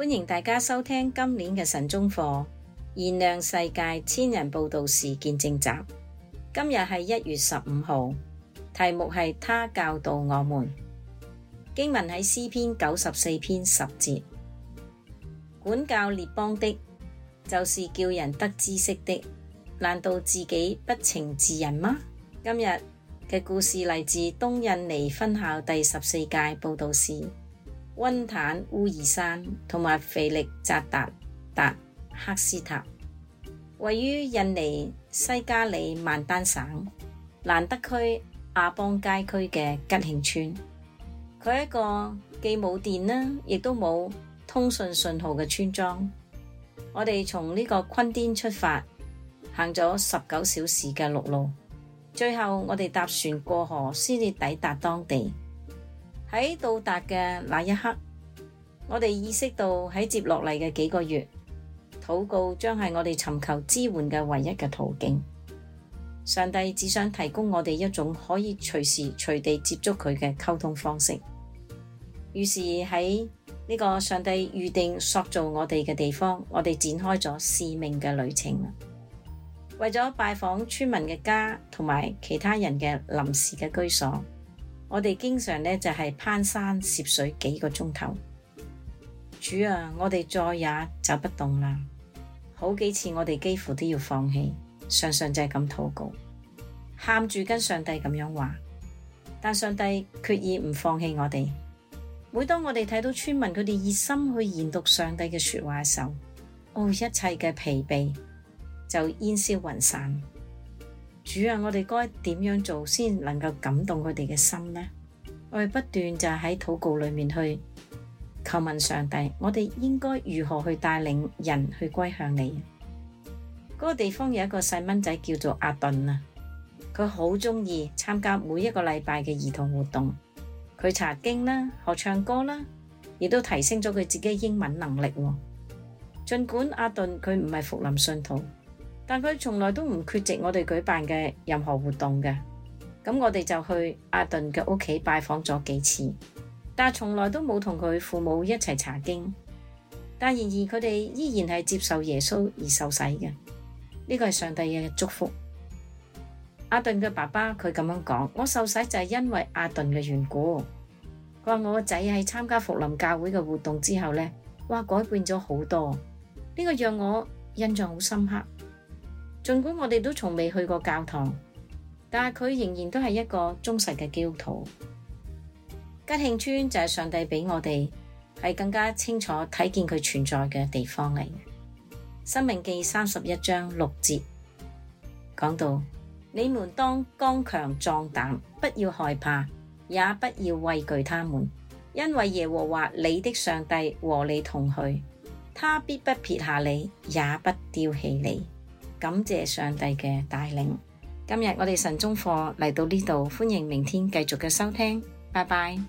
歡迎大家收聽今年嘅晨鐘課《燃亮世界千人佈道士見證集》。今日係一月十五號，題目係祂教導我們。經文喺詩篇九十四篇十節，管教列邦的，就是叫人得知識的。難道自己不懲治人嗎？今日嘅故事嚟自東印尼分校第十四屆佈道士。溫坦烏爾山同埋肥力扎達達克斯塔，位於印尼西加里曼丹省蘭德區亞邦街區嘅吉慶村。佢係一個既冇電啦，亦都冇通訊信號嘅村莊。我哋從呢個坤甸出發，行咗十九小時嘅陸路，最後我哋搭船過河，先至抵達當地。喺到達嘅那一刻，我哋意識到喺接落嚟嘅幾個月，禱告將係我哋尋求支援嘅唯一嘅途徑。上帝只想提供我哋一種可以隨時隨地接觸佢嘅溝通方式。於是喺呢個上帝預定塑造我哋嘅地方，我哋展開咗使命嘅旅程啦。為咗拜訪村民嘅家同埋其他人嘅臨時嘅居所。我哋經常呢，就係攀山涉水幾個鐘頭，主啊，我哋再也走不動啦！好幾次我哋幾乎都要放棄，常常就係咁禱告，喊住跟上帝咁樣話。但上帝決意唔放棄我哋。每當我哋睇到村民佢哋熱心去研讀上帝嘅說話嘅時候，哦，一切嘅疲憊就煙消雲散。主啊，我哋該點樣做先能夠感動佢哋嘅心呢？我哋不斷就喺禱告裏面去求問上帝，我哋應該如何去帶領人去歸向你？嗰、那個地方有一個細蚊仔叫做阿頓啊，佢好中意參加每一個禮拜嘅兒童活動，佢查經啦，學唱歌啦，亦都提升咗佢自己英文能力。盡管阿頓佢唔係復臨信徒。但佢從來都唔缺席我哋舉辦嘅任何活動嘅。咁我哋就去阿頓嘅屋企拜訪咗幾次，但係從來都冇同佢父母一齊查經。但然而佢哋依然係接受耶穌而受洗嘅。呢個係上帝嘅祝福。阿頓嘅爸爸佢咁樣講：我受洗就係因為阿頓嘅緣故。佢話我個仔喺參加福林教會嘅活動之後呢，哇，改變咗好多。呢個讓我印象好深刻。儘管我哋都從未去過教堂，但係佢仍然都係一個忠實嘅基督徒。吉慶村就係上帝俾我哋係更加清楚睇見佢存在嘅地方嚟。申命記三十一章六節講到： 你們當剛強壯膽，不要害怕，也不要畏懼他們，因為耶和華你的上帝和你同去，他必不撇下你，也不丟棄你。感謝上帝嘅帶領，今日我哋晨鐘課嚟到呢度，歡迎明天繼續嘅收聽，拜拜。